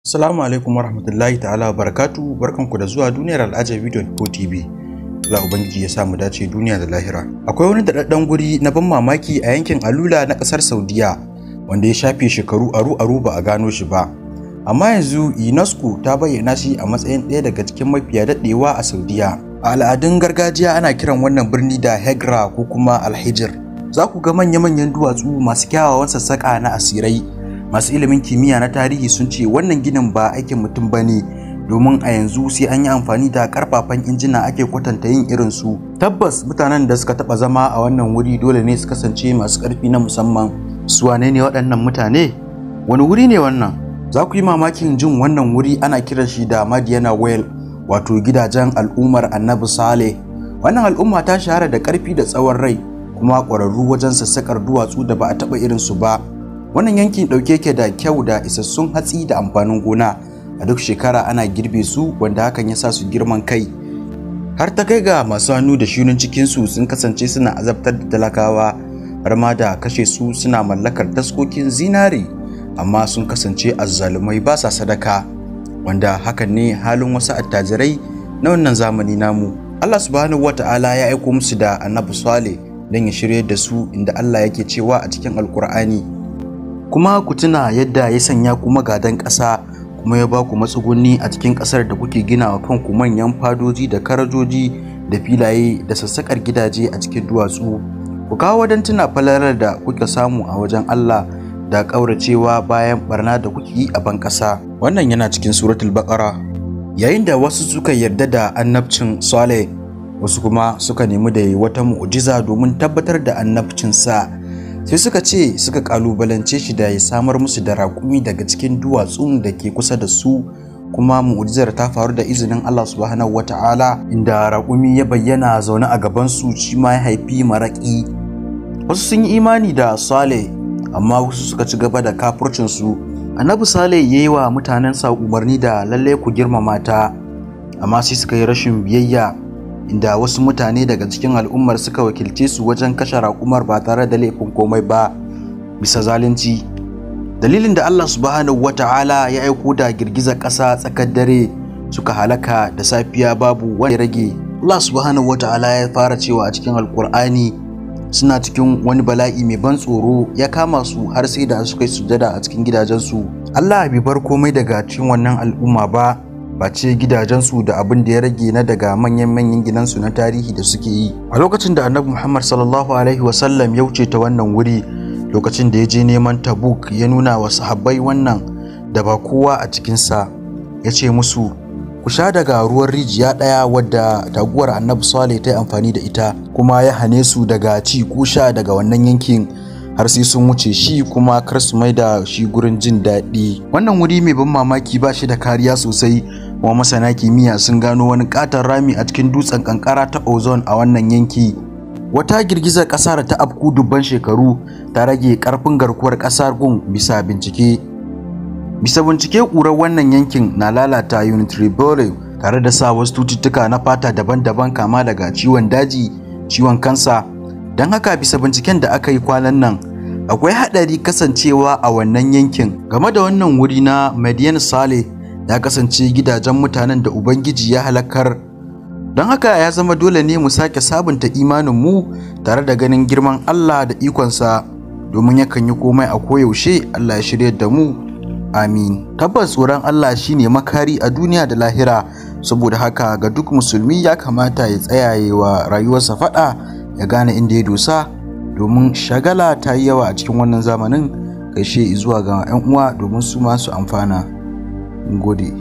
Assalamu alaikum warahmatullahi ta'ala barakatu barkanku da zuwa duniyar video ko TV. La ubangiji ya samu dace duniya da lahira. Akwai wani daɗaɗɗen guri na ban mamaki a yankin Alula na ƙasar Saudiya wanda ya shafe shekaru aru aru ba a gano shi ba. Amma yanzu UNESCO ta bayyana shi a matsayin ɗaya daga cikin mafiya daɗewa a Saudiya. A al'adun gargajiya ana kiran wannan birni da Hegra ko kuma Alhijir. Za ku ga manya-manyan duwatsu masu kyawawan sassaƙa na asirai masu ilimin kimiyya na tarihi sun ce wannan ginin ba aikin mutum ba ne domin a yanzu sai an yi amfani da karfafan injina ake kwatanta yin irin su tabbas mutanen da suka taba zama a wannan wuri dole ne su kasance masu karfi na musamman su wane ne waɗannan mutane wani wuri ne wannan za ku yi mamakin jin wannan wuri ana kiran shi da madiana well wato gidajen al'ummar annabi saleh wannan al'umma ta shahara da karfi da tsawon rai kuma ƙwararru wajen sassaƙar duwatsu da ba a taɓa su ba wannan yankin ɗauke yake da kyau da isassun hatsi da amfanin gona a duk shekara ana girbe su wanda hakan ya sa su girman kai har ta kai ga masu hannu da cikin cikinsu sun kasance suna azabtar da talakawa har ma da kashe su suna mallakar taskokin zinare amma sun kasance azzalumai ba sa sadaka wanda hakan ne halin wasu attajirai na wannan zamani namu Allah subhanahu wata'ala ya aiko musu da annabi Saleh don ya shirye da su inda Allah yake cewa a cikin Alkur'ani kuma ku tuna yadda ya sanya ku magadan ƙasa kuma ya ba ku matsuguni a cikin ƙasar da kuke gina wa kanku manyan fadoji da karajoji da filaye da sassakar gidaje a cikin duwatsu ku kawo wajen tuna falalar da kuka samu a wajen Allah da ƙauracewa bayan barna da kuke yi a ban ƙasa wannan yana cikin suratul baqara yayin da wasu suka yarda da annabcin Saleh wasu kuma suka nemi da wata mu'jiza domin tabbatar da annabcin sa. sai suka ce suka kalubalance shi da ya samar musu da raƙumi daga cikin duwatsun da ke kusa da su kuma mu'ujizar ta faru da izinin Allah subhanahu wata'ala inda raƙumi ya bayyana zaune a gaban su shi ma ya haifi maraƙi wasu sun yi imani da Sale amma wasu suka ci gaba da kafircin su Annabi Sale ya yi wa mutanen sa umarni da lallai ku girmama ta amma sai suka yi rashin biyayya inda wasu mutane daga cikin al'ummar suka wakilce su wajen kashe raƙumar ba tare da laifin komai ba bisa zalunci dalilin da Allah subhanahu wata'ala ya aiko da girgizar ƙasa tsakar dare suka halaka da safiya babu wani rage Allah subhanahu wata'ala ya fara cewa a cikin alkur'ani suna cikin wani bala'i mai ban tsoro ya kama su har sai da suka yi sujada a cikin gidajensu Allah bai bar komai daga cikin wannan al'umma ba gidajen gidajensu da abin da ya rage na daga manyan manyan gidansu na tarihi da suke yi a lokacin da annabi muhammad sallallahu alaihi wasallam ya wuce ta wannan wuri lokacin da ya je neman tabuk ya nuna wa sahabbai wannan da ba kowa a cikinsa ya ce musu ku sha daga ruwan rijiya ɗaya wadda taguwar annabi sale ta yi amfani da ita kuma ya hane su daga ci kusha daga wannan yankin har sai sun wuce shi kuma kar su mai da shi gurin jin daɗi wannan wuri mai ban mamaki ba shi da kariya sosai kuma masana kimiyya sun gano wani katon rami a cikin dutsen kankara ta ozone a wannan yanki wata girgizar ƙasa da ta afku dubban shekaru ta rage ƙarfin garkuwar ƙasar gun bisa bincike bisa bincike ƙurar wannan yankin na lalata unit bowling tare da sa wasu cututtuka na fata daban-daban kama daga ciwon daji ciwon kansa don haka bisa binciken da aka yi kwanan nan akwai haɗari kasancewa a wannan yankin game da wannan wuri na median Saleh. ya kasance gidajen mutanen da Ubangiji ya halakar. Don haka ya zama dole ne mu sake sabunta imaninmu tare da ganin girman Allah da ikonsa domin yakan yi komai a koyaushe Allah ya shirya da mu. Amin. Tabbas tsoron Allah shine makari a duniya da lahira saboda haka ga duk musulmi ya kamata ya tsayaye wa rayuwarsa fada ya gane inda ya dosa domin shagala ta yi yawa a cikin wannan zamanin gaishe zuwa ga 'yan uwa domin su masu amfana. gode